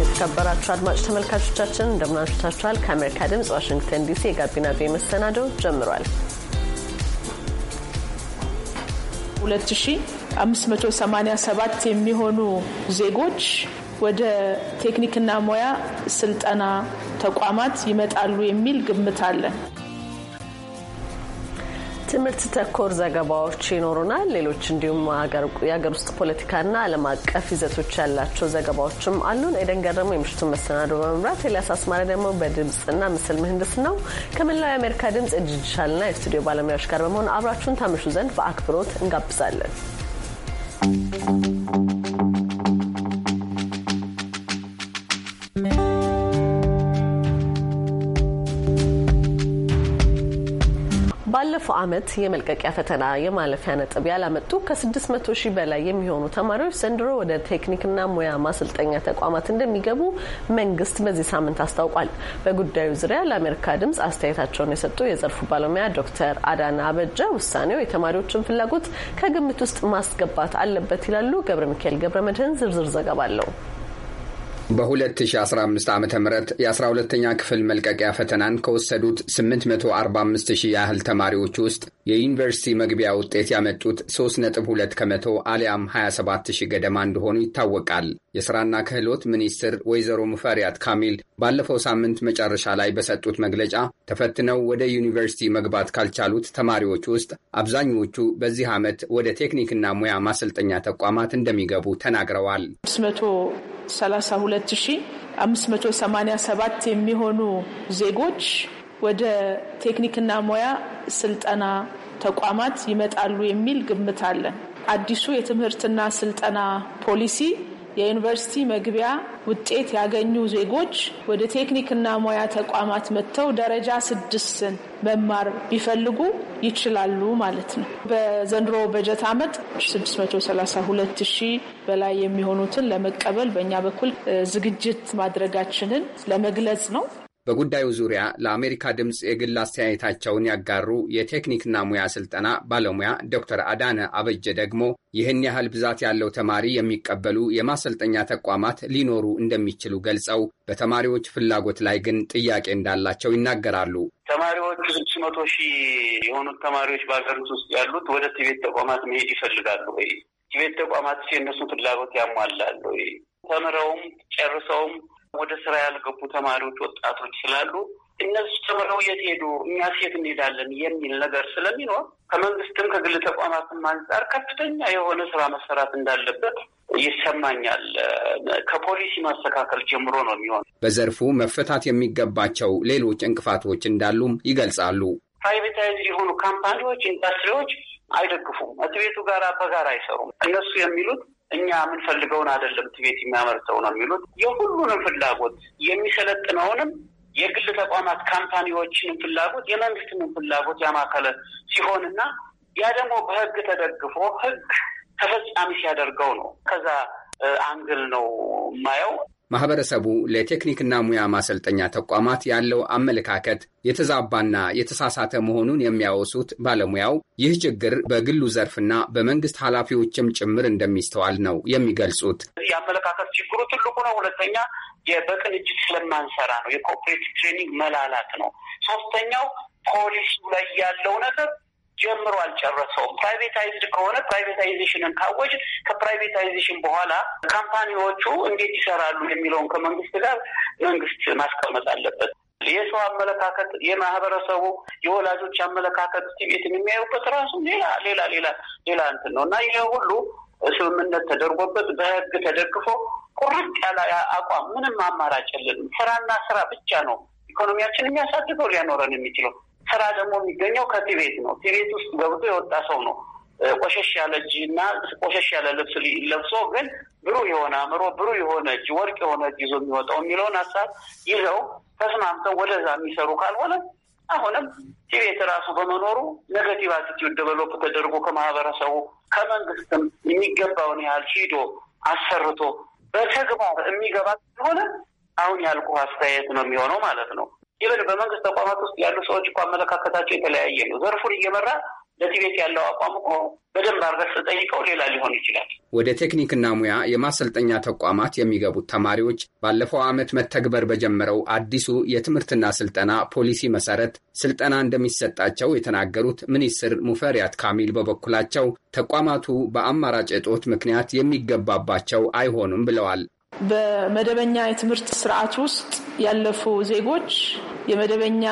የተከበራችሁ አድማጭ ተመልካቾቻችን እንደምናምሽታችኋል። ከአሜሪካ ድምጽ ዋሽንግተን ዲሲ የጋቢና ቤ መሰናደው ጀምሯል። 587 የሚሆኑ ዜጎች ወደ ቴክኒክና ሙያ ስልጠና ተቋማት ይመጣሉ የሚል ግምት አለን። ትምህርት ተኮር ዘገባዎች ይኖሩናል። ሌሎች እንዲሁም የሀገር ውስጥ ፖለቲካና ዓለም አቀፍ ይዘቶች ያላቸው ዘገባዎችም አሉን። ኤደን ገረሙ የምሽቱን መሰናዶ በመምራት ኤልያስ አስማሪ ደግሞ በድምፅና ምስል ምህንድስ ነው። ከመላው የአሜሪካ ድምፅ የዲጂታልና የስቱዲዮ ባለሙያዎች ጋር በመሆን አብራችሁን ታምሹ ዘንድ በአክብሮት እንጋብዛለን። thank you ባለፈው ዓመት የመልቀቂያ ፈተና የማለፊያ ነጥብ ያላመጡ ከ600 ሺህ በላይ የሚሆኑ ተማሪዎች ዘንድሮ ወደ ቴክኒክና ሙያ ማሰልጠኛ ተቋማት እንደሚገቡ መንግስት በዚህ ሳምንት አስታውቋል። በጉዳዩ ዙሪያ ለአሜሪካ ድምጽ አስተያየታቸውን የሰጡ የዘርፉ ባለሙያ ዶክተር አዳና አበጀ ውሳኔው የተማሪዎችን ፍላጎት ከግምት ውስጥ ማስገባት አለበት ይላሉ። ገብረ ሚካኤል ገብረ መድህን ዝርዝር ዘገባ አለው። በ2015 ዓ ም የ 12 ተኛ ክፍል መልቀቂያ ፈተናን ከወሰዱት 845 ያህል ተማሪዎች ውስጥ የዩኒቨርሲቲ መግቢያ ውጤት ያመጡት 3.2 ከመቶ አሊያም 27 ገደማ እንደሆኑ ይታወቃል። የሥራና ክህሎት ሚኒስትር ወይዘሮ ሙፈሪያት ካሚል ባለፈው ሳምንት መጨረሻ ላይ በሰጡት መግለጫ ተፈትነው ወደ ዩኒቨርሲቲ መግባት ካልቻሉት ተማሪዎች ውስጥ አብዛኞቹ በዚህ ዓመት ወደ ቴክኒክና ሙያ ማሰልጠኛ ተቋማት እንደሚገቡ ተናግረዋል። 32587 የሚሆኑ ዜጎች ወደ ቴክኒክና ሙያ ስልጠና ተቋማት ይመጣሉ የሚል ግምት አለን። አዲሱ የትምህርትና ስልጠና ፖሊሲ የዩኒቨርሲቲ መግቢያ ውጤት ያገኙ ዜጎች ወደ ቴክኒክና ሙያ ተቋማት መጥተው ደረጃ ስድስትን መማር ቢፈልጉ ይችላሉ ማለት ነው። በዘንድሮ በጀት ዓመት 632 ሺህ በላይ የሚሆኑትን ለመቀበል በእኛ በኩል ዝግጅት ማድረጋችንን ለመግለጽ ነው። በጉዳዩ ዙሪያ ለአሜሪካ ድምፅ የግል አስተያየታቸውን ያጋሩ የቴክኒክና ሙያ ስልጠና ባለሙያ ዶክተር አዳነ አበጀ ደግሞ ይህን ያህል ብዛት ያለው ተማሪ የሚቀበሉ የማሰልጠኛ ተቋማት ሊኖሩ እንደሚችሉ ገልጸው በተማሪዎች ፍላጎት ላይ ግን ጥያቄ እንዳላቸው ይናገራሉ። ተማሪዎች ስድስት መቶ ሺህ የሆኑት ተማሪዎች በሀገሪቱ ውስጥ ያሉት ወደ ትቤት ተቋማት መሄድ ይፈልጋሉ ወይ? ትቤት ተቋማት የእነሱን ፍላጎት ያሟላሉ ወይ? ተምረውም ጨርሰውም ወደ ስራ ያልገቡ ተማሪዎች፣ ወጣቶች ስላሉ እነሱ ተምረው የት ሄዱ እኛ ሴት እንሄዳለን የሚል ነገር ስለሚኖር ከመንግስትም ከግል ተቋማትም አንጻር ከፍተኛ የሆነ ስራ መሰራት እንዳለበት ይሰማኛል። ከፖሊሲ ማስተካከል ጀምሮ ነው የሚሆን። በዘርፉ መፈታት የሚገባቸው ሌሎች እንቅፋቶች እንዳሉም ይገልጻሉ። ፕራይቬታይዝ የሆኑ ካምፓኒዎች፣ ኢንዱስትሪዎች አይደግፉም። ቤቱ ጋር በጋራ አይሰሩም። እነሱ የሚሉት እኛ የምንፈልገውን አይደለም ትቤት የሚያመርተው ነው የሚሉት። የሁሉንም ፍላጎት የሚሰለጥነውንም የግል ተቋማት ካምፓኒዎችንም ፍላጎት የመንግስትንም ፍላጎት ያማከለ ሲሆንና ያ ደግሞ በህግ ተደግፎ ህግ ተፈጻሚ ሲያደርገው ነው። ከዛ አንግል ነው የማየው። ማህበረሰቡ ለቴክኒክና ሙያ ማሰልጠኛ ተቋማት ያለው አመለካከት የተዛባና የተሳሳተ መሆኑን የሚያወሱት ባለሙያው ይህ ችግር በግሉ ዘርፍና በመንግስት ኃላፊዎችም ጭምር እንደሚስተዋል ነው የሚገልጹት። የአመለካከት ችግሩ ትልቁ ነው። ሁለተኛ በቅንጅት ስለማንሰራ ነው። የኮኦፕሬቲቭ ትሬኒንግ መላላት ነው። ሶስተኛው ፖሊሲው ላይ ያለው ነገር ጀምሮ አልጨረሰውም። ፕራይቬታይዝድ ከሆነ ፕራይቬታይዜሽንን ካወጅ ከፕራይቬታይዜሽን በኋላ ካምፓኒዎቹ እንዴት ይሰራሉ የሚለውን ከመንግስት ጋር መንግስት ማስቀመጥ አለበት። የሰው አመለካከት፣ የማህበረሰቡ የወላጆች አመለካከት ቤት የሚያዩበት ራሱ ሌላ ሌላ ሌላ ሌላ እንትን ነው እና ይሄ ሁሉ ስምምነት ተደርጎበት በህግ ተደግፎ ቁርጥ ያለ አቋም ምንም አማራጭ የለንም። ስራና ስራ ብቻ ነው ኢኮኖሚያችን የሚያሳድገው ሊያኖረን የሚችለው። ስራ ደግሞ የሚገኘው ከቲቤት ነው። ቲቤት ውስጥ ገብቶ የወጣ ሰው ነው ቆሸሽ ያለ እጅ እና ቆሸሽ ያለ ልብስ ለብሶ ግን ብሩህ የሆነ አእምሮ፣ ብሩህ የሆነ እጅ፣ ወርቅ የሆነ እጅ ይዞ የሚወጣው የሚለውን ሀሳብ ይዘው ተስማምተው ወደዛ የሚሰሩ ካልሆነ አሁንም ቲቤት ራሱ በመኖሩ ነገቲቭ አቲቲዩድ ደቨሎፕ ተደርጎ ከማህበረሰቡ ከመንግስትም የሚገባውን ያህል ሂዶ አሰርቶ በተግባር የሚገባ ስለሆነ አሁን ያልኩ አስተያየት ነው የሚሆነው ማለት ነው። ይበል በመንግስት ተቋማት ውስጥ ያሉ ሰዎች እኮ አመለካከታቸው የተለያየ ነው። ዘርፉን እየመራ ለትቤት ያለው አቋም እኮ በደንብ አርገስ ስጠይቀው ሌላ ሊሆን ይችላል። ወደ ቴክኒክና ሙያ የማሰልጠኛ ተቋማት የሚገቡት ተማሪዎች ባለፈው ዓመት መተግበር በጀመረው አዲሱ የትምህርትና ስልጠና ፖሊሲ መሰረት ስልጠና እንደሚሰጣቸው የተናገሩት ሚኒስትር ሙፈሪያት ካሚል በበኩላቸው ተቋማቱ በአማራጭ እጦት ምክንያት የሚገባባቸው አይሆኑም ብለዋል። በመደበኛ የትምህርት ስርዓት ውስጥ ያለፉ ዜጎች የመደበኛ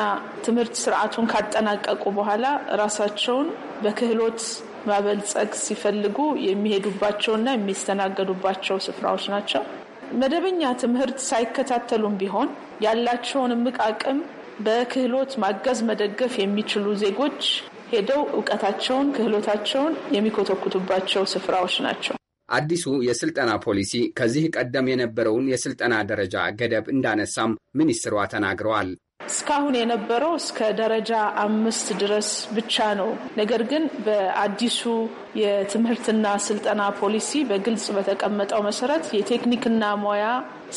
ትምህርት ስርዓቱን ካጠናቀቁ በኋላ ራሳቸውን በክህሎት ማበልጸግ ሲፈልጉ የሚሄዱባቸውና የሚስተናገዱባቸው ስፍራዎች ናቸው። መደበኛ ትምህርት ሳይከታተሉም ቢሆን ያላቸውን እምቅ አቅም በክህሎት ማገዝ፣ መደገፍ የሚችሉ ዜጎች ሄደው እውቀታቸውን፣ ክህሎታቸውን የሚኮተኩቱባቸው ስፍራዎች ናቸው። አዲሱ የስልጠና ፖሊሲ ከዚህ ቀደም የነበረውን የስልጠና ደረጃ ገደብ እንዳነሳም ሚኒስትሯ ተናግረዋል። እስካሁን የነበረው እስከ ደረጃ አምስት ድረስ ብቻ ነው። ነገር ግን በአዲሱ የትምህርትና ስልጠና ፖሊሲ በግልጽ በተቀመጠው መሰረት የቴክኒክና ሙያ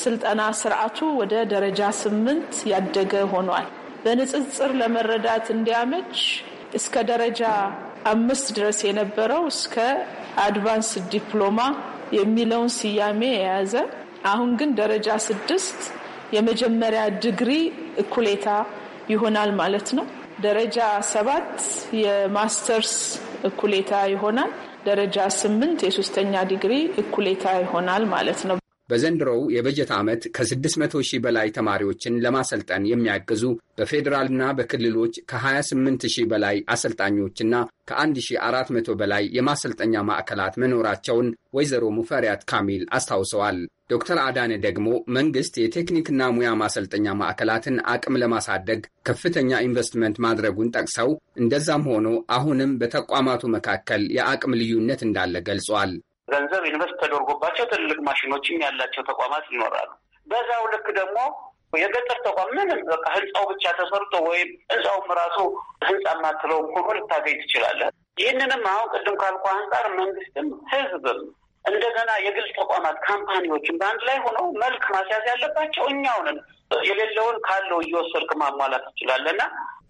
ስልጠና ስርዓቱ ወደ ደረጃ ስምንት ያደገ ሆኗል። በንጽጽር ለመረዳት እንዲያመች እስከ ደረጃ አምስት ድረስ የነበረው እስከ አድቫንስ ዲፕሎማ የሚለውን ስያሜ የያዘ አሁን ግን ደረጃ ስድስት የመጀመሪያ ዲግሪ እኩሌታ ይሆናል ማለት ነው። ደረጃ ሰባት የማስተርስ እኩሌታ ይሆናል። ደረጃ ስምንት የሶስተኛ ዲግሪ እኩሌታ ይሆናል ማለት ነው። በዘንድሮው የበጀት ዓመት ከ600 ሺህ በላይ ተማሪዎችን ለማሰልጠን የሚያግዙ በፌዴራልና በክልሎች ከ28 ሺህ በላይ አሰልጣኞችና ከ1400 በላይ የማሰልጠኛ ማዕከላት መኖራቸውን ወይዘሮ ሙፈሪያት ካሚል አስታውሰዋል። ዶክተር አዳነ ደግሞ መንግሥት የቴክኒክና ሙያ ማሰልጠኛ ማዕከላትን አቅም ለማሳደግ ከፍተኛ ኢንቨስትመንት ማድረጉን ጠቅሰው እንደዛም ሆኖ አሁንም በተቋማቱ መካከል የአቅም ልዩነት እንዳለ ገልጿል። ገንዘብ ኢንቨስት ተደርጎባቸው ትልልቅ ማሽኖችም ያላቸው ተቋማት ይኖራሉ። በዛው ልክ ደግሞ የገጠር ተቋም ምንም በቃ ህንፃው ብቻ ተሰርቶ ወይም ህንፃውም ራሱ ህንፃ ማትለውም ሆኖ ልታገኝ ትችላለህ። ይህንንም አሁን ቅድም ካልኩ አንጻር መንግስትም ህዝብም እንደገና የግል ተቋማት ካምፓኒዎችም በአንድ ላይ ሆነው መልክ ማስያዝ ያለባቸው እኛውንን የሌለውን ካለው እየወሰድክ ማሟላት ትችላለህ እና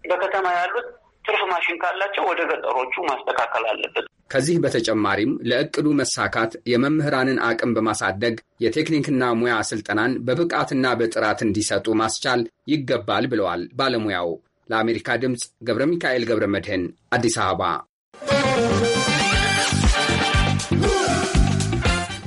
በከተማ ያሉት ትርፍ ማሽን ካላቸው ወደ ገጠሮቹ ማስተካከል አለበት። ከዚህ በተጨማሪም ለእቅዱ መሳካት የመምህራንን አቅም በማሳደግ የቴክኒክና ሙያ ስልጠናን በብቃትና በጥራት እንዲሰጡ ማስቻል ይገባል ብለዋል ባለሙያው። ለአሜሪካ ድምፅ ገብረ ሚካኤል ገብረ መድህን አዲስ አበባ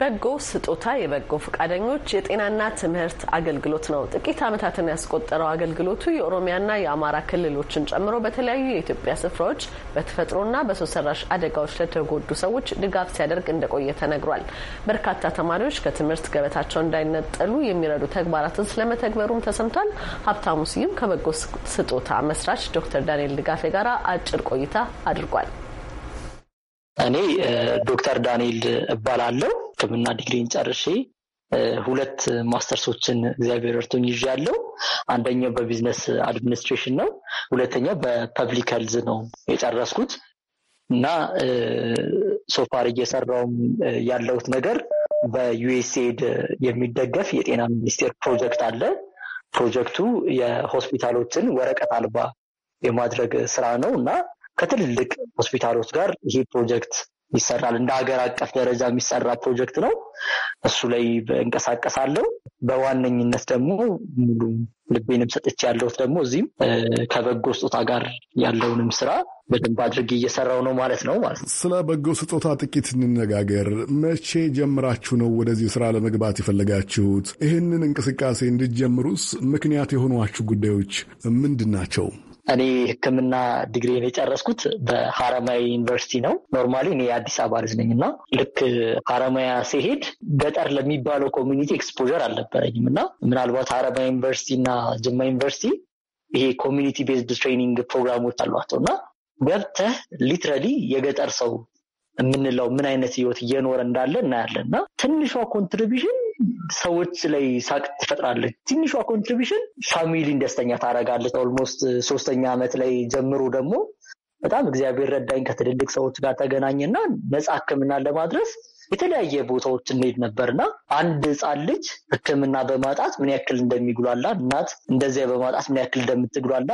በጎ ስጦታ የበጎ ፈቃደኞች የጤናና ትምህርት አገልግሎት ነው። ጥቂት ዓመታትን ያስቆጠረው አገልግሎቱ የኦሮሚያና የአማራ ክልሎችን ጨምሮ በተለያዩ የኢትዮጵያ ስፍራዎች በተፈጥሮና በሰው ሰራሽ አደጋዎች ለተጎዱ ሰዎች ድጋፍ ሲያደርግ እንደቆየ ተነግሯል። በርካታ ተማሪዎች ከትምህርት ገበታቸው እንዳይነጠሉ የሚረዱ ተግባራትን ስለመተግበሩም ተሰምቷል። ሀብታሙ ስዩም ከበጎ ስጦታ መስራች ዶክተር ዳንኤል ድጋፌ ጋር አጭር ቆይታ አድርጓል። እኔ ዶክተር ዳንኤል እባላለሁ። ሕክምና ዲግሪን ጨርሼ ሁለት ማስተርሶችን እግዚአብሔር እርቶኝ ያለው አንደኛው በቢዝነስ አድሚኒስትሬሽን ነው። ሁለተኛው በፐብሊክ ሄልዝ ነው የጨረስኩት እና ሶፋር እየሰራውም ያለሁት ነገር በዩኤስኤድ የሚደገፍ የጤና ሚኒስቴር ፕሮጀክት አለ። ፕሮጀክቱ የሆስፒታሎችን ወረቀት አልባ የማድረግ ስራ ነው እና ከትልልቅ ሆስፒታሎች ጋር ይሄ ፕሮጀክት ይሰራል። እንደ ሀገር አቀፍ ደረጃ የሚሰራ ፕሮጀክት ነው። እሱ ላይ እንቀሳቀሳለሁ። በዋነኝነት ደግሞ ሙሉ ልቤንም ሰጥቼ ያለሁት ደግሞ እዚህም ከበጎ ስጦታ ጋር ያለውንም ስራ በደንብ አድርጌ እየሰራው ነው ማለት ነው። ማለት ነው። ስለ በጎ ስጦታ ጥቂት እንነጋገር። መቼ ጀምራችሁ ነው ወደዚህ ስራ ለመግባት የፈለጋችሁት? ይህንን እንቅስቃሴ እንድትጀምሩስ ምክንያት የሆኗችሁ ጉዳዮች ምንድን ናቸው? እኔ ሕክምና ዲግሪን የጨረስኩት በሀረማያ ዩኒቨርሲቲ ነው። ኖርማሊ እኔ የአዲስ አበባ ልጅ ነኝ እና ልክ ሀረማያ ሲሄድ ገጠር ለሚባለው ኮሚኒቲ ኤክስፖዠር አልነበረኝም እና ምናልባት ሀረማያ ዩኒቨርሲቲ እና ጅማ ዩኒቨርሲቲ ይሄ ኮሚኒቲ ቤዝድ ትሬኒንግ ፕሮግራሞች አሏቸው እና ገብተህ ሊትራሊ የገጠር ሰው የምንለው ምን አይነት ህይወት እየኖረ እንዳለ እናያለን እና ትንሿ ኮንትሪቢሽን ሰዎች ላይ ሳቅ ትፈጥራለች። ትንሿ ኮንትሪቢሽን ፋሚሊን ደስተኛ ታደርጋለች። ኦልሞስት ሶስተኛ ዓመት ላይ ጀምሮ ደግሞ በጣም እግዚአብሔር ረዳኝ ከትልልቅ ሰዎች ጋር ተገናኘና ነፃ ህክምና ለማድረስ የተለያየ ቦታዎች እንሄድ ነበርና አንድ ህፃን ልጅ ህክምና በማጣት ምን ያክል እንደሚጉላላ እናት እንደዚያ በማጣት ምን ያክል እንደምትጉላላ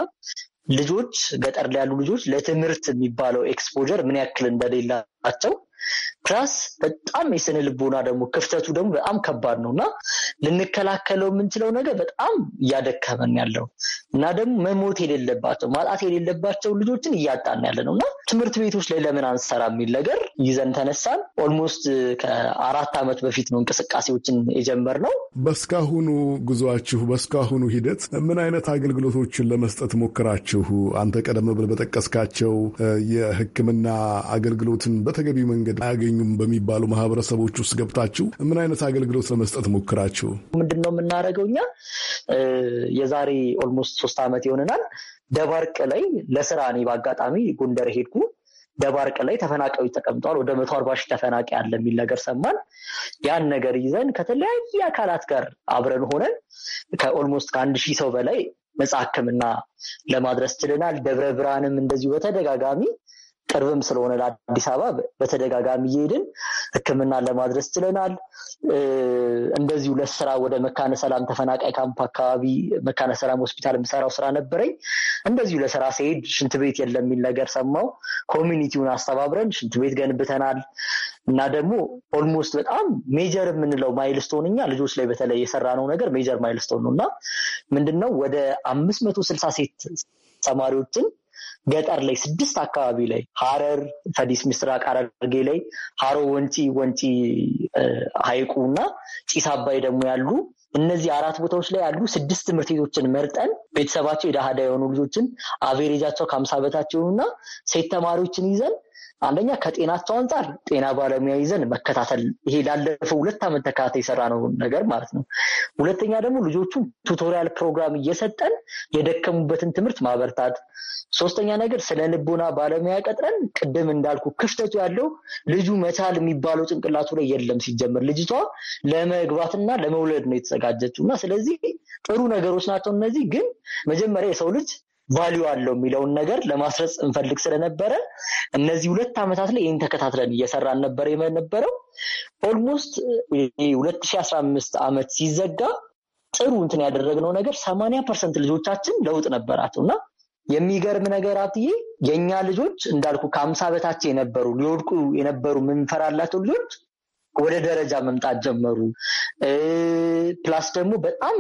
ልጆች ገጠር ላይ ያሉ ልጆች ለትምህርት የሚባለው ኤክስፖጀር ምን ያክል እንደሌላቸው ፕላስ በጣም የስነ ልቦና ደግሞ ክፍተቱ ደግሞ በጣም ከባድ ነው እና ልንከላከለው የምንችለው ነገር በጣም እያደከመን ያለው እና ደግሞ መሞት የሌለባቸው ማጣት የሌለባቸው ልጆችን እያጣን ያለ ነው እና ትምህርት ቤቶች ላይ ለምን አንሰራ የሚል ነገር ይዘን ተነሳን። ኦልሞስት ከአራት ዓመት በፊት ነው እንቅስቃሴዎችን የጀመርነው። በስካሁኑ ጉዟችሁ በስካሁኑ ሂደት ምን አይነት አገልግሎቶችን ለመስጠት ሞክራችሁ? አንተ ቀደም ብለህ በጠቀስካቸው የሕክምና አገልግሎትን በተገቢ መንገድ መንገድ አያገኙም በሚባሉ ማህበረሰቦች ውስጥ ገብታችሁ ምን አይነት አገልግሎት ለመስጠት ሞክራችሁ? ምንድን ነው የምናደርገው እኛ የዛሬ ኦልሞስት ሶስት ዓመት ይሆነናል ደባርቅ ላይ ለስራ እኔ በአጋጣሚ ጎንደር ሄድኩ። ደባርቅ ላይ ተፈናቃዮች ተቀምጠዋል። ወደ መቶ አርባ ሺህ ተፈናቂ አለ የሚል ነገር ሰማን። ያን ነገር ይዘን ከተለያየ አካላት ጋር አብረን ሆነን ከኦልሞስት ከአንድ ሺህ ሰው በላይ ነፃ ሕክምና ለማድረስ ችለናል። ደብረ ብርሃንም እንደዚሁ በተደጋጋሚ ቅርብም ስለሆነ ለአዲስ አበባ በተደጋጋሚ እየሄድን ሕክምና ለማድረስ ችለናል። እንደዚሁ ለስራ ወደ መካነ ሰላም ተፈናቃይ ካምፕ አካባቢ መካነ ሰላም ሆስፒታል የምሰራው ስራ ነበረኝ። እንደዚሁ ለስራ ሲሄድ ሽንት ቤት የለም የሚል ነገር ሰማው። ኮሚኒቲውን አስተባብረን ሽንት ቤት ገንብተናል እና ደግሞ ኦልሞስት በጣም ሜጀር የምንለው ማይልስቶን እኛ ልጆች ላይ በተለይ የሰራነው ነገር ሜጀር ማይልስቶን ነው እና ምንድነው ወደ አምስት መቶ ስልሳ ሴት ተማሪዎችን ገጠር ላይ ስድስት አካባቢ ላይ ሀረር፣ ፈዲስ ምስራቅ ሐረርጌ ላይ ሀሮ ወንጪ፣ ወንጪ ሀይቁ እና ጢስ አባይ ደግሞ ያሉ እነዚህ አራት ቦታዎች ላይ ያሉ ስድስት ትምህርት ቤቶችን መርጠን ቤተሰባቸው የዳህዳ የሆኑ ልጆችን አቬሬጃቸው ከአምሳ በታች ሴት ተማሪዎችን ይዘን አንደኛ ከጤናቸው አንጻር ጤና ባለሙያ ይዘን መከታተል፣ ይሄ ላለፈው ሁለት ዓመት ተከታታይ የሰራ ነው ነገር ማለት ነው። ሁለተኛ ደግሞ ልጆቹን ቱቶሪያል ፕሮግራም እየሰጠን የደከሙበትን ትምህርት ማበርታት። ሶስተኛ ነገር ስለ ልቦና ባለሙያ ቀጥረን፣ ቅድም እንዳልኩ ክፍተቱ ያለው ልጁ መቻል የሚባለው ጭንቅላቱ ላይ የለም። ሲጀምር ልጅቷ ለመግባትና ለመውለድ ነው የተዘጋጀችው እና ስለዚህ ጥሩ ነገሮች ናቸው እነዚህ። ግን መጀመሪያ የሰው ልጅ ቫሊዩ አለው የሚለውን ነገር ለማስረጽ እንፈልግ ስለነበረ እነዚህ ሁለት ዓመታት ላይ ይህን ተከታትለን እየሰራን ነበር የነበረው። ኦልሞስት ሁለት ሺህ አስራ አምስት ዓመት ሲዘጋ ጥሩ እንትን ያደረግነው ነገር ሰማንያ ፐርሰንት ልጆቻችን ለውጥ ነበራቸው እና የሚገርም ነገር አትዬ የእኛ ልጆች እንዳልኩ ከአምሳ በታች የነበሩ ሊወድቁ የነበሩ የምንፈራላቸው ልጆች ወደ ደረጃ መምጣት ጀመሩ። ፕላስ ደግሞ በጣም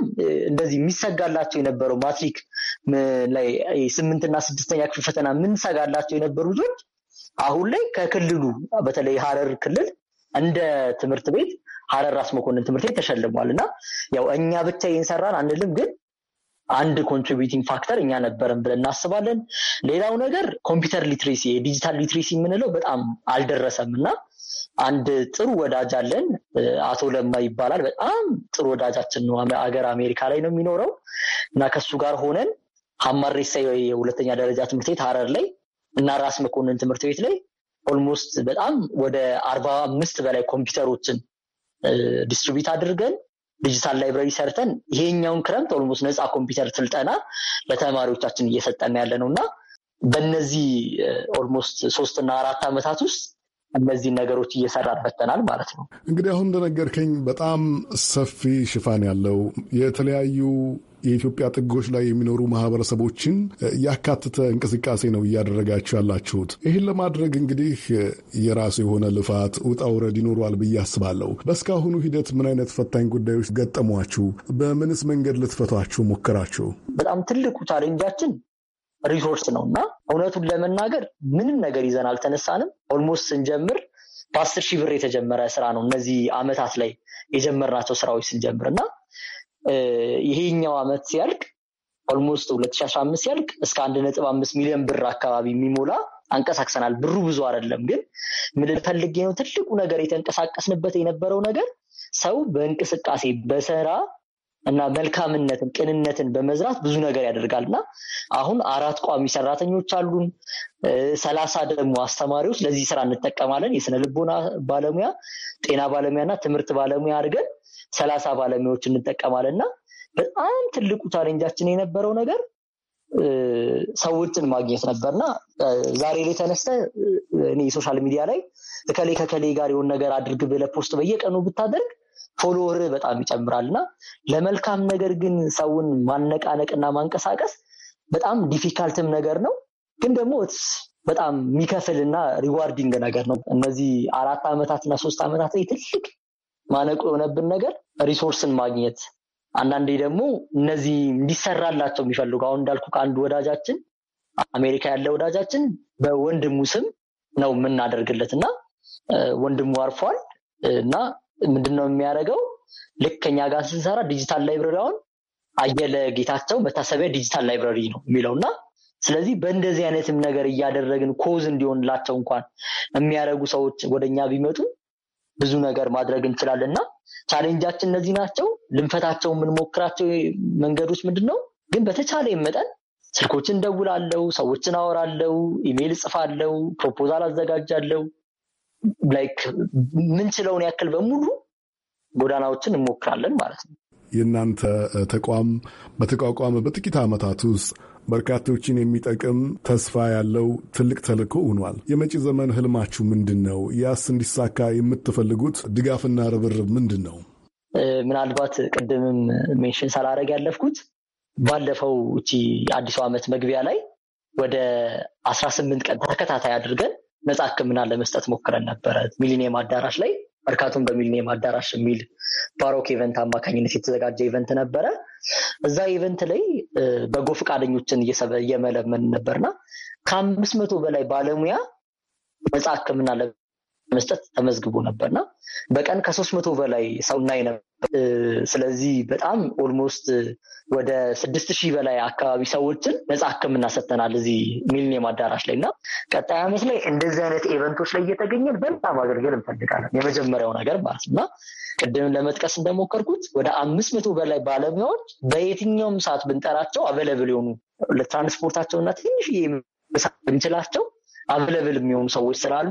እንደዚህ የሚሰጋላቸው የነበረው ማትሪክ ላይ ስምንትና ስድስተኛ ክፍል ፈተና የምንሰጋላቸው የነበሩ ልጆች አሁን ላይ ከክልሉ በተለይ ሀረር ክልል እንደ ትምህርት ቤት ሀረር ራስ መኮንን ትምህርት ቤት ተሸልሟል እና ያው እኛ ብቻ ይንሰራን አንልም ግን አንድ ኮንትሪቢዩቲንግ ፋክተር እኛ ነበረን ብለን እናስባለን። ሌላው ነገር ኮምፒውተር ሊትሬሲ የዲጂታል ሊትሬሲ የምንለው በጣም አልደረሰም እና አንድ ጥሩ ወዳጅ አለን። አቶ ለማ ይባላል። በጣም ጥሩ ወዳጃችን ነው። አገር አሜሪካ ላይ ነው የሚኖረው እና ከሱ ጋር ሆነን ሀማሬሳ የሁለተኛ ደረጃ ትምህርት ቤት ሀረር ላይ እና ራስ መኮንን ትምህርት ቤት ላይ ኦልሞስት በጣም ወደ አርባ አምስት በላይ ኮምፒውተሮችን ዲስትሪቢዩት አድርገን ዲጂታል ላይብራሪ ሰርተን ይሄኛውን ክረምት ኦልሞስት ነፃ ኮምፒውተር ስልጠና ለተማሪዎቻችን እየሰጠን ያለ ነው እና በእነዚህ ኦልሞስት ሶስትና አራት ዓመታት ውስጥ እነዚህ ነገሮች እየሰራን በተናል ማለት ነው። እንግዲህ አሁን እንደነገርከኝ በጣም ሰፊ ሽፋን ያለው የተለያዩ የኢትዮጵያ ጥጎች ላይ የሚኖሩ ማህበረሰቦችን ያካተተ እንቅስቃሴ ነው እያደረጋችሁ ያላችሁት። ይህን ለማድረግ እንግዲህ የራሱ የሆነ ልፋት ውጣ ውረድ ይኖረዋል ብዬ አስባለሁ። በእስካሁኑ ሂደት ምን አይነት ፈታኝ ጉዳዮች ገጠሟችሁ? በምንስ መንገድ ልትፈቷችሁ ሞከራችሁ? በጣም ትልቁ ቻሌንጃችን ሪሶርስ ነው እና እውነቱን ለመናገር ምንም ነገር ይዘን አልተነሳንም። ኦልሞስት ስንጀምር በአስር ሺህ ብር የተጀመረ ስራ ነው። እነዚህ አመታት ላይ የጀመርናቸው ስራዎች ስንጀምር እና ይሄኛው አመት ሲያልቅ ኦልሞስት 2015 ሲያልቅ እስከ አንድ ነጥብ አምስት ሚሊዮን ብር አካባቢ የሚሞላ አንቀሳቅሰናል። ብሩ ብዙ አይደለም ግን ምን ፈልጌ ነው ትልቁ ነገር የተንቀሳቀስንበት የነበረው ነገር ሰው በእንቅስቃሴ በስራ እና መልካምነትን፣ ቅንነትን በመዝራት ብዙ ነገር ያደርጋል እና አሁን አራት ቋሚ ሰራተኞች አሉን። ሰላሳ ደግሞ አስተማሪዎች ለዚህ ስራ እንጠቀማለን። የስነ ልቦና ባለሙያ፣ ጤና ባለሙያ እና ትምህርት ባለሙያ አድርገን ሰላሳ ባለሙያዎች እንጠቀማለን እና በጣም ትልቁ ቻሌንጃችን የነበረው ነገር ሰዎችን ማግኘት ነበርና ዛሬ ላይ ተነስተ እኔ ሶሻል ሚዲያ ላይ ከከሌ ከከሌ ጋር የሆን ነገር አድርግ ብለ ፖስት በየቀኑ ብታደርግ ፎሎወር በጣም ይጨምራል እና ለመልካም ነገር ግን ሰውን ማነቃነቅና ማንቀሳቀስ በጣም ዲፊካልትም ነገር ነው። ግን ደግሞ በጣም እና ሪዋርዲንግ ነገር ነው። እነዚህ አራት ዓመታት እና ሶስት ዓመታት ላይ ትልቅ ማነቁ የሆነብን ነገር ሪሶርስን ማግኘት አንዳንዴ ደግሞ እነዚህ እንዲሰራላቸው የሚፈልጉ አሁን እንዳልኩ ከአንድ ወዳጃችን አሜሪካ ያለ ወዳጃችን በወንድሙ ስም ነው የምናደርግለት እና ወንድሙ አርፏል እና ምንድነው የሚያደርገው? ልክ ከኛ ጋር ስንሰራ ዲጂታል ላይብረሪያውን አየለ ጌታቸው መታሰቢያ ዲጂታል ላይብረሪ ነው የሚለው እና ስለዚህ በእንደዚህ አይነትም ነገር እያደረግን ኮዝ እንዲሆንላቸው እንኳን የሚያደርጉ ሰዎች ወደኛ ቢመጡ ብዙ ነገር ማድረግ እንችላለን እና ቻሌንጃችን እነዚህ ናቸው። ልንፈታቸው የምንሞክራቸው መንገዶች ምንድን ነው? ግን በተቻለ መጠን ስልኮችን ደውላለው፣ ሰዎችን አወራለው፣ ኢሜይል ጽፋለው ፕሮፖዛል አዘጋጃለው፣ ላይክ ምንችለውን ያክል በሙሉ ጎዳናዎችን እንሞክራለን ማለት ነው። የእናንተ ተቋም በተቋቋመ በጥቂት ዓመታት ውስጥ በርካቶችን የሚጠቅም ተስፋ ያለው ትልቅ ተልዕኮ ሆኗል። የመጪ ዘመን ህልማችሁ ምንድን ነው? ያስ እንዲሳካ የምትፈልጉት ድጋፍና ርብርብ ምንድን ነው? ምናልባት ቅድምም ሜንሽን ሳላረግ ያለፍኩት ባለፈው እቺ አዲሱ ዓመት መግቢያ ላይ ወደ አስራ ስምንት ቀን ተከታታይ አድርገን ነፃ ህክምና ለመስጠት ሞክረን ነበረ። ሚሊኒየም አዳራሽ ላይ መርካቶም በሚሊኒየም አዳራሽ የሚል ባሮክ ኢቨንት አማካኝነት የተዘጋጀ ኢቨንት ነበረ። እዛ ኢቨንት ላይ በጎ ፈቃደኞችን እየመለመን ነበርና ከአምስት መቶ በላይ ባለሙያ ነፃ ህክምና መስጠት ተመዝግቦ ነበርና በቀን ከሶስት መቶ በላይ ሰው እናይ ነበር። ስለዚህ በጣም ኦልሞስት ወደ ስድስት ሺህ በላይ አካባቢ ሰዎችን ነጻ ሕክምና ሰጥተናል እዚህ ሚሊኒየም አዳራሽ ላይ እና ቀጣይ ዓመት ላይ እንደዚህ አይነት ኤቨንቶች ላይ እየተገኘን በጣም አገልገል እንፈልጋለን። የመጀመሪያው ነገር ማለት እና ቅድም ለመጥቀስ እንደሞከርኩት ወደ አምስት መቶ በላይ ባለሙያዎች በየትኛውም ሰዓት ብንጠራቸው አቬለብል የሆኑ እና ትንሽ ብንችላቸው አብለብል የሚሆኑ ሰዎች ስላሉ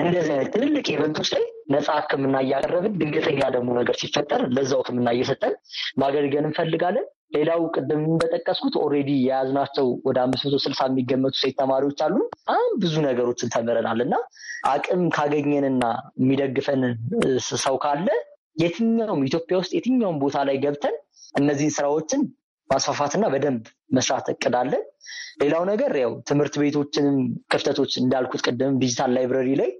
እንደዚህ አይነት ትልልቅ ኢቨንቶች ላይ ነፃ ሕክምና እያቀረብን ድንገተኛ ደግሞ ነገር ሲፈጠር ለዛው ሕክምና እየሰጠን ማገልገል እንፈልጋለን። ሌላው ቅድም እንደጠቀስኩት ኦሬዲ የያዝናቸው ወደ አምስት መቶ ስልሳ የሚገመቱ ሴት ተማሪዎች አሉ። በጣም ብዙ ነገሮችን ተምረናል እና አቅም ካገኘንና የሚደግፈን ሰው ካለ የትኛውም ኢትዮጵያ ውስጥ የትኛውም ቦታ ላይ ገብተን እነዚህን ስራዎችን ማስፋፋትና በደንብ መስራት እቅዳለን። ሌላው ነገር ያው ትምህርት ቤቶችንም ክፍተቶች እንዳልኩት ቅድም ዲጂታል ላይብረሪ ላይ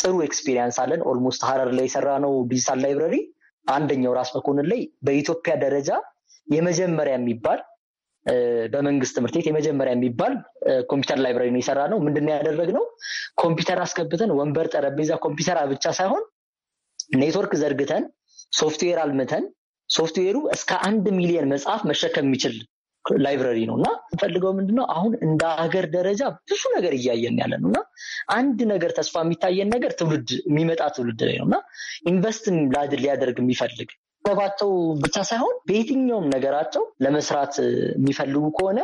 ጥሩ ኤክስፒሪየንስ አለን። ኦልሞስት ሀረር ላይ የሰራ ነው ዲጂታል ላይብረሪ አንደኛው ራስ መኮንን ላይ በኢትዮጵያ ደረጃ የመጀመሪያ የሚባል በመንግስት ትምህርት ቤት የመጀመሪያ የሚባል ኮምፒውተር ላይብራሪ ነው የሰራ ነው። ምንድን ነው ያደረግነው? ኮምፒውተር አስገብተን ወንበር፣ ጠረጴዛ፣ ኮምፒውተር ብቻ ሳይሆን ኔትወርክ ዘርግተን ሶፍትዌር አልምተን ሶፍትዌሩ እስከ አንድ ሚሊዮን መጽሐፍ መሸከም የሚችል ላይብረሪ ነው እና ፈልገው ምንድነው አሁን እንደ ሀገር ደረጃ ብዙ ነገር እያየን ያለ ነው እና አንድ ነገር ተስፋ የሚታየን ነገር ትውልድ የሚመጣ ትውልድ ላይ ነው እና ኢንቨስት ሊያደርግ የሚፈልግ ተባተው ብቻ ሳይሆን በየትኛውም ነገራቸው ለመስራት የሚፈልጉ ከሆነ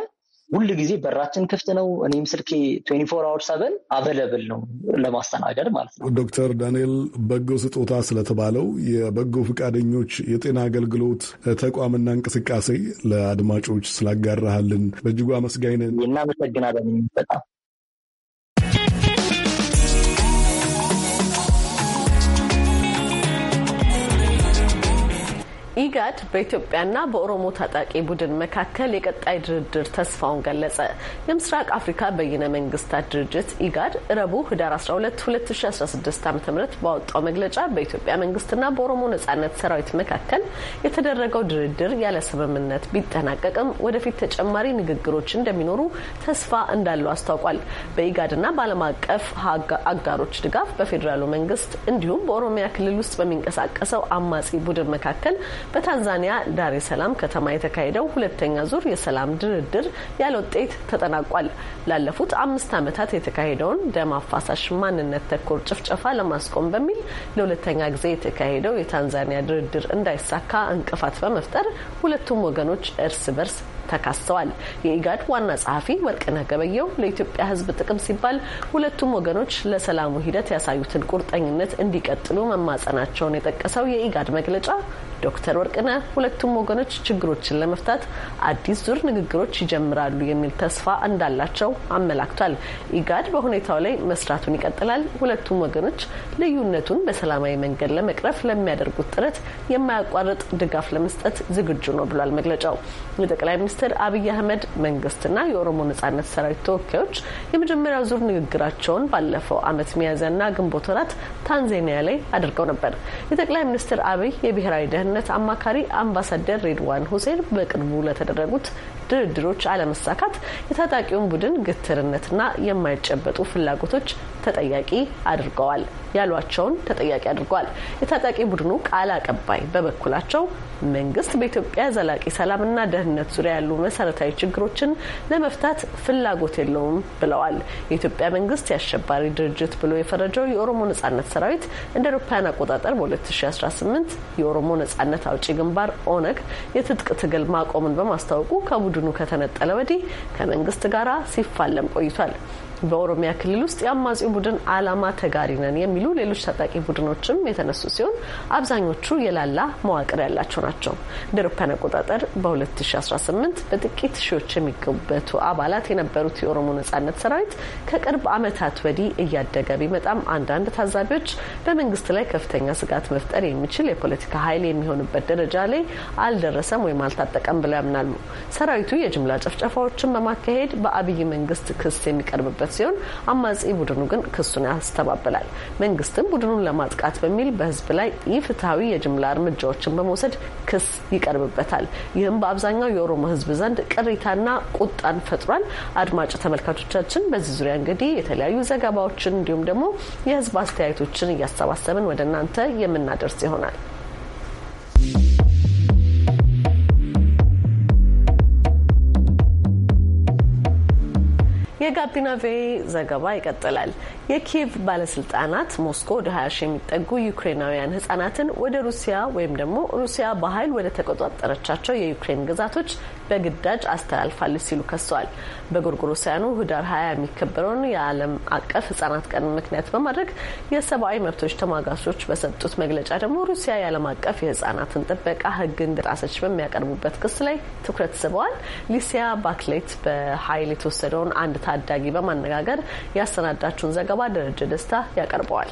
ሁል ጊዜ በራችን ክፍት ነው። እኔም ስልኬ ትዌንቲ ፎር አወር ሰቨን አቬለብል ነው ለማስተናገድ ማለት ነው። ዶክተር ዳንኤል በጎ ስጦታ ስለተባለው የበጎ ፈቃደኞች የጤና አገልግሎት ተቋምና እንቅስቃሴ ለአድማጮች ስላጋራሃልን በእጅጉ አመስጋኝ ነን። እናመሰግናለን በጣም ኢጋድ በኢትዮጵያና በኦሮሞ ታጣቂ ቡድን መካከል የቀጣይ ድርድር ተስፋውን ገለጸ። የምስራቅ አፍሪካ በይነ መንግስታት ድርጅት ኢጋድ ረቡ ህዳር 12 2016 ዓ ም ባወጣው መግለጫ በኢትዮጵያ መንግስትና በኦሮሞ ነጻነት ሰራዊት መካከል የተደረገው ድርድር ያለ ስምምነት ቢጠናቀቅም ወደፊት ተጨማሪ ንግግሮች እንደሚኖሩ ተስፋ እንዳለው አስታውቋል። በኢጋድና በዓለም አቀፍ አጋሮች ድጋፍ በፌዴራሉ መንግስት እንዲሁም በኦሮሚያ ክልል ውስጥ በሚንቀሳቀሰው አማጺ ቡድን መካከል በታንዛኒያ ዳሬ ሰላም ከተማ የተካሄደው ሁለተኛ ዙር የሰላም ድርድር ያለ ውጤት ተጠናቋል። ላለፉት አምስት ዓመታት የተካሄደውን ደም አፋሳሽ ማንነት ተኮር ጭፍጨፋ ለማስቆም በሚል ለሁለተኛ ጊዜ የተካሄደው የታንዛኒያ ድርድር እንዳይሳካ እንቅፋት በመፍጠር ሁለቱም ወገኖች እርስ በርስ ተካሰዋል። የኢጋድ ዋና ጸሐፊ ወርቅነህ ገበየው ለኢትዮጵያ ሕዝብ ጥቅም ሲባል ሁለቱም ወገኖች ለሰላሙ ሂደት ያሳዩትን ቁርጠኝነት እንዲቀጥሉ መማጸናቸውን የጠቀሰው የኢጋድ መግለጫ ዶክተር ወርቅነህ ሁለቱም ወገኖች ችግሮችን ለመፍታት አዲስ ዙር ንግግሮች ይጀምራሉ የሚል ተስፋ እንዳላቸው አመላክቷል። ኢጋድ በሁኔታው ላይ መስራቱን ይቀጥላል። ሁለቱም ወገኖች ልዩነቱን በሰላማዊ መንገድ ለመቅረፍ ለሚያደርጉት ጥረት የማያቋርጥ ድጋፍ ለመስጠት ዝግጁ ነው ብሏል መግለጫው። የጠቅላይ ሚኒስ ሚኒስትር አብይ አህመድ መንግስትና የኦሮሞ ነጻነት ሰራዊት ተወካዮች የመጀመሪያው ዙር ንግግራቸውን ባለፈው አመት ሚያዝያና ግንቦት ወራት ታንዛኒያ ላይ አድርገው ነበር። የጠቅላይ ሚኒስትር አብይ የብሔራዊ ደህንነት አማካሪ አምባሳደር ሬድዋን ሁሴን በቅርቡ ለተደረጉት ድርድሮች አለመሳካት የታጣቂውን ቡድን ግትርነትና የማይጨበጡ ፍላጎቶች ተጠያቂ አድርገዋል ያሏቸውን ተጠያቂ አድርገዋል። የታጣቂ ቡድኑ ቃል አቀባይ በበኩላቸው መንግስት በኢትዮጵያ ዘላቂ ሰላምና ደህንነት ዙሪያ ያሉ መሰረታዊ ችግሮችን ለመፍታት ፍላጎት የለውም ብለዋል። የኢትዮጵያ መንግስት የአሸባሪ ድርጅት ብሎ የፈረጀው የኦሮሞ ነጻነት ሰራዊት እንደ አውሮፓውያን አቆጣጠር በ2018 የኦሮሞ ነጻነት አውጪ ግንባር ኦነግ የትጥቅ ትግል ማቆምን በማስታወቁ ከቡድኑ ከተነጠለ ወዲህ ከመንግስት ጋር ሲፋለም ቆይቷል። በኦሮሚያ ክልል ውስጥ የአማጺው ቡድን አላማ ተጋሪ ነን የሚሉ ሌሎች ታጣቂ ቡድኖችም የተነሱ ሲሆን አብዛኞቹ የላላ መዋቅር ያላቸው ናቸው። እንደ አውሮፓውያን አቆጣጠር በ2018 በጥቂት ሺዎች የሚገበቱ አባላት የነበሩት የኦሮሞ ነጻነት ሰራዊት ከቅርብ ዓመታት ወዲህ እያደገ ቢመጣም አንዳንድ ታዛቢዎች በመንግስት ላይ ከፍተኛ ስጋት መፍጠር የሚችል የፖለቲካ ኃይል የሚሆንበት ደረጃ ላይ አልደረሰም ወይም አልታጠቀም ብለው ያምናሉ። ሰራዊቱ የጅምላ ጨፍጨፋዎችን በማካሄድ በአብይ መንግስት ክስ የሚቀርብበት የገለጸ ሲሆን አማጺ ቡድኑ ግን ክሱን ያስተባብላል። መንግስትም ቡድኑን ለማጥቃት በሚል በህዝብ ላይ ኢፍትሐዊ የጅምላ እርምጃዎችን በመውሰድ ክስ ይቀርብበታል። ይህም በአብዛኛው የኦሮሞ ህዝብ ዘንድ ቅሬታና ቁጣን ፈጥሯል። አድማጭ ተመልካቾቻችን በዚህ ዙሪያ እንግዲህ የተለያዩ ዘገባዎችን እንዲሁም ደግሞ የህዝብ አስተያየቶችን እያሰባሰብን ወደ እናንተ የምናደርስ ይሆናል። የጋቢና ቬ ዘገባ ይቀጥላል። የኪየቭ ባለስልጣናት ሞስኮ ወደ 20 ሺ የሚጠጉ ዩክሬናውያን ህጻናትን ወደ ሩሲያ ወይም ደግሞ ሩሲያ በኃይል ወደ ተቆጣጠረቻቸው የዩክሬን ግዛቶች በግዳጅ አስተላልፋለች ሲሉ ከሰዋል። በጎርጎሮሳውያኑ ህዳር ሀያ የሚከበረውን የዓለም አቀፍ ህጻናት ቀን ምክንያት በማድረግ የሰብአዊ መብቶች ተሟጋቾች በሰጡት መግለጫ ደግሞ ሩሲያ የዓለም አቀፍ የህጻናትን ጥበቃ ህግ እንደጣሰች በሚያቀርቡበት ክስ ላይ ትኩረት ስበዋል። ሊሲያ ባክሌት በኃይል የተወሰደውን አንድ ታዳጊ በማነጋገር ያሰናዳችውን ዘገባ ዘገባ ደረጀ ደስታ ያቀርበዋል።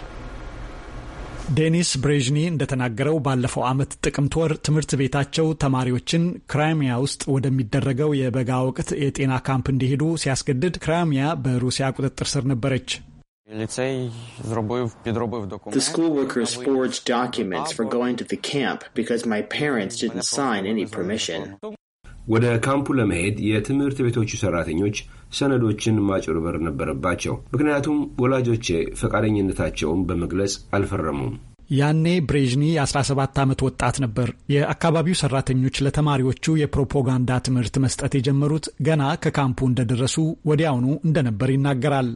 ዴኒስ ብሬዥኒ እንደተናገረው ባለፈው ዓመት ጥቅምት ወር ትምህርት ቤታቸው ተማሪዎችን ክራይሚያ ውስጥ ወደሚደረገው የበጋ ወቅት የጤና ካምፕ እንዲሄዱ ሲያስገድድ ክራይሚያ በሩሲያ ቁጥጥር ስር ነበረች። The school workers forged documents for going to the camp because my parents didn't sign any permission. ወደ ካምፑ ለመሄድ የትምህርት ቤቶቹ ሰራተኞች ሰነዶችን ማጭበርበር ነበረባቸው። ምክንያቱም ወላጆቼ ፈቃደኝነታቸውን በመግለጽ አልፈረሙም። ያኔ ብሬዥኒ የ17 ዓመት ወጣት ነበር። የአካባቢው ሰራተኞች ለተማሪዎቹ የፕሮፓጋንዳ ትምህርት መስጠት የጀመሩት ገና ከካምፑ እንደደረሱ ወዲያውኑ እንደነበር ይናገራል።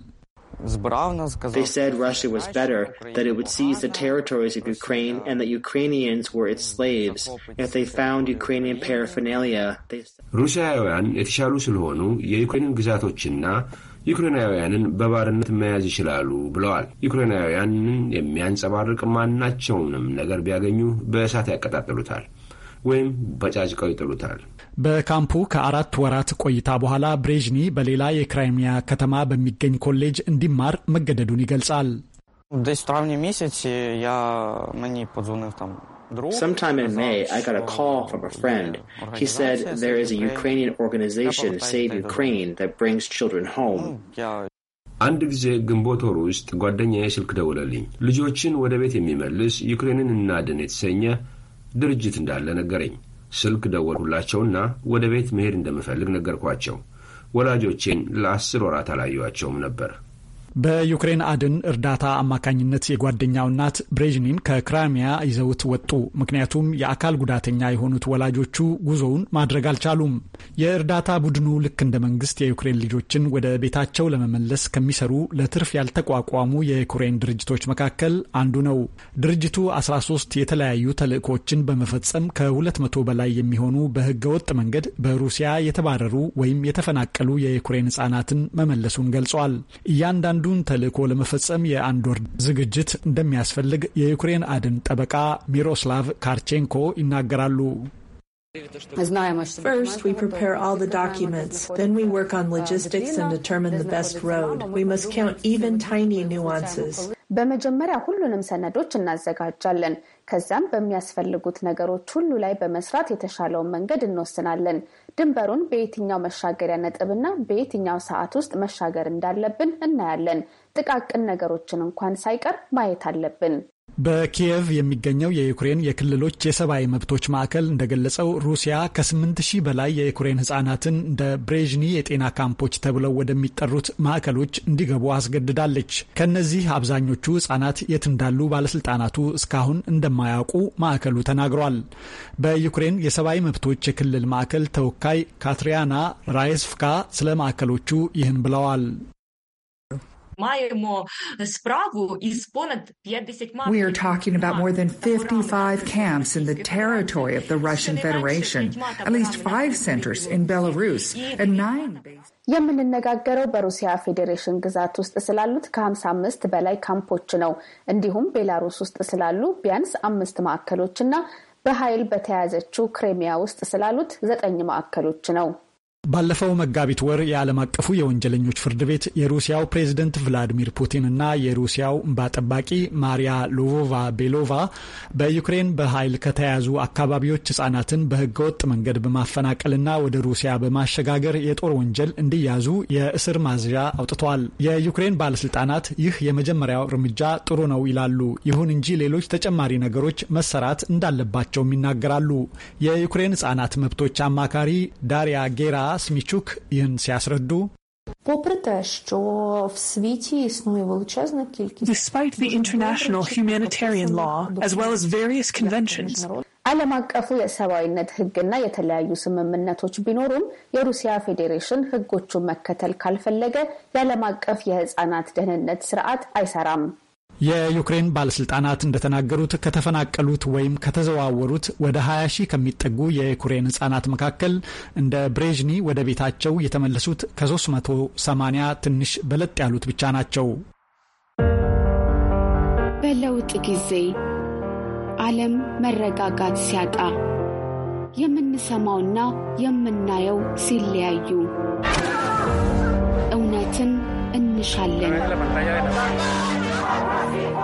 They said Russia was better, that it would seize the territories of Ukraine, and that Ukrainians were its slaves. If they found Ukrainian paraphernalia, they... ሩሲያውያን የተሻሉ ስለሆኑ የዩክሬንን ግዛቶችና ዩክሬናውያንን በባርነት መያዝ ይችላሉ ብለዋል። ዩክሬናውያንን የሚያንጸባርቅ ማናቸውንም ነገር ቢያገኙ በእሳት ያቀጣጥሉታል ወይም በጫጭቀው ይጥሉታል። በካምፑ ከአራት ወራት ቆይታ በኋላ ብሬዥኒ በሌላ የክራይሚያ ከተማ በሚገኝ ኮሌጅ እንዲማር መገደዱን ይገልጻል። Sometime in May, I got a call from a friend. He said there is a Ukrainian organization, Save Ukraine, that brings children home. አንድ ጊዜ ግንቦት ወር ውስጥ ጓደኛዬ ስልክ ደውለልኝ ልጆችን ወደ ቤት የሚመልስ ዩክሬንን እናድን የተሰኘ ድርጅት እንዳለ ነገረኝ። ስልክ ደወልሁላቸውና ወደ ቤት መሄድ እንደምፈልግ ነገርኳቸው። ወላጆቼን ለአስር ወራት አላየኋቸውም ነበር። በዩክሬን አድን እርዳታ አማካኝነት የጓደኛው እናት ብሬዥኒን ከክራሚያ ይዘውት ወጡ። ምክንያቱም የአካል ጉዳተኛ የሆኑት ወላጆቹ ጉዞውን ማድረግ አልቻሉም። የእርዳታ ቡድኑ ልክ እንደ መንግስት የዩክሬን ልጆችን ወደ ቤታቸው ለመመለስ ከሚሰሩ ለትርፍ ያልተቋቋሙ የዩክሬን ድርጅቶች መካከል አንዱ ነው። ድርጅቱ 13 የተለያዩ ተልዕኮችን በመፈጸም ከ200 በላይ የሚሆኑ በህገወጥ መንገድ በሩሲያ የተባረሩ ወይም የተፈናቀሉ የዩክሬን ህጻናትን መመለሱን ገልጿል። እያንዳንዱ አንዱን ተልዕኮ ለመፈጸም የአንድ ወር ዝግጅት እንደሚያስፈልግ የዩክሬን አድን ጠበቃ ሚሮስላቭ ካርቼንኮ ይናገራሉ። First, we prepare all the documents. Then we work on logistics and determine the best road. We must count even tiny nuances. በመጀመሪያ ሁሉንም ሰነዶች እናዘጋጃለን ከዚያም በሚያስፈልጉት ነገሮች ሁሉ ላይ በመስራት የተሻለውን መንገድ እንወስናለን። ድንበሩን በየትኛው መሻገሪያ ነጥብና በየትኛው ሰዓት ውስጥ መሻገር እንዳለብን እናያለን። ጥቃቅን ነገሮችን እንኳን ሳይቀር ማየት አለብን። በኪየቭ የሚገኘው የዩክሬን የክልሎች የሰብአዊ መብቶች ማዕከል እንደገለጸው ሩሲያ ከ8 ሺህ በላይ የዩክሬን ህጻናትን እንደ ብሬዥኒ የጤና ካምፖች ተብለው ወደሚጠሩት ማዕከሎች እንዲገቡ አስገድዳለች። ከእነዚህ አብዛኞቹ ህጻናት የት እንዳሉ ባለስልጣናቱ እስካሁን እንደማያውቁ ማዕከሉ ተናግሯል። በዩክሬን የሰብአዊ መብቶች የክልል ማዕከል ተወካይ ካትሪያና ራይስፍካ ስለ ማዕከሎቹ ይህን ብለዋል። маємо справу із понад 50 ма. We are talking about more than 55 camps in the territory of the Russian Federation, at least five centers in Belarus and nine የምንነጋገረው በሩሲያ ፌዴሬሽን ግዛት ውስጥ ስላሉት ከ55 በላይ ካምፖች ነው። እንዲሁም ቤላሩስ ውስጥ ስላሉ ቢያንስ አምስት ማዕከሎች እና በኃይል በተያያዘችው ክሬሚያ ውስጥ ስላሉት ዘጠኝ ማዕከሎች ነው። ባለፈው መጋቢት ወር የዓለም አቀፉ የወንጀለኞች ፍርድ ቤት የሩሲያው ፕሬዝደንት ቭላዲሚር ፑቲን እና የሩሲያው እንባ ጠባቂ ማሪያ ሎቮቫ ቤሎቫ በዩክሬን በኃይል ከተያዙ አካባቢዎች ሕጻናትን በሕገወጥ መንገድ በማፈናቀልና ወደ ሩሲያ በማሸጋገር የጦር ወንጀል እንዲያዙ የእስር ማዝዣ አውጥተዋል። የዩክሬን ባለስልጣናት ይህ የመጀመሪያው እርምጃ ጥሩ ነው ይላሉ። ይሁን እንጂ ሌሎች ተጨማሪ ነገሮች መሰራት እንዳለባቸውም ይናገራሉ። የዩክሬን ሕጻናት መብቶች አማካሪ ዳሪያ ጌራ ስሚቹክ ይህን ሲያስረዱ Despite the international humanitarian law, as well as various conventions, ዓለም አቀፉ የሰብአዊነት ሕግና የተለያዩ ስምምነቶች ቢኖሩም የሩሲያ ፌዴሬሽን ሕጎቹን መከተል ካልፈለገ የዓለም አቀፍ የሕፃናት ደህንነት ስርዓት አይሰራም። የዩክሬን ባለስልጣናት እንደተናገሩት ከተፈናቀሉት ወይም ከተዘዋወሩት ወደ 20 ሺህ ከሚጠጉ የዩክሬን ህጻናት መካከል እንደ ብሬዥኒ ወደ ቤታቸው የተመለሱት ከ380 ትንሽ በለጥ ያሉት ብቻ ናቸው። በለውጥ ጊዜ ዓለም መረጋጋት ሲያጣ የምንሰማውና የምናየው ሲለያዩ እውነትን እንሻለን።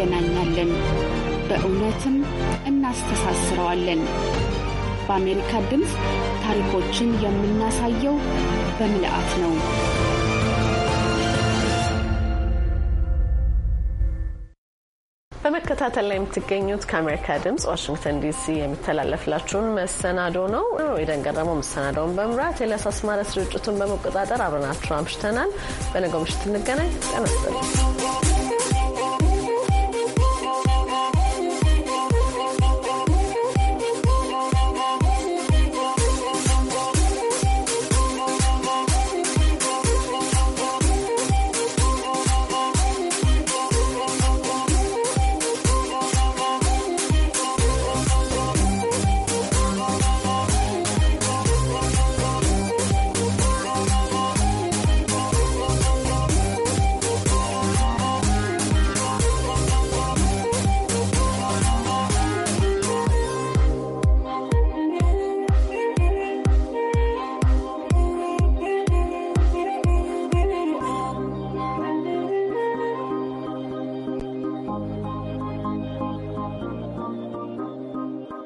እንገናኛለን፣ በእውነትም እናስተሳስረዋለን። በአሜሪካ ድምፅ ታሪኮችን የምናሳየው በምልአት ነው። በመከታተል ላይ የምትገኙት ከአሜሪካ ድምጽ ዋሽንግተን ዲሲ የሚተላለፍላችሁን መሰናዶ ነው። ኤደን ገረመው መሰናዶውን በምራት ኤልያስ አስማረ ስርጭቱን በመቆጣጠር አብረናችሁ አምሽተናል። በነገው ምሽት እንገናኝ። ጤና ይስጥልኝ።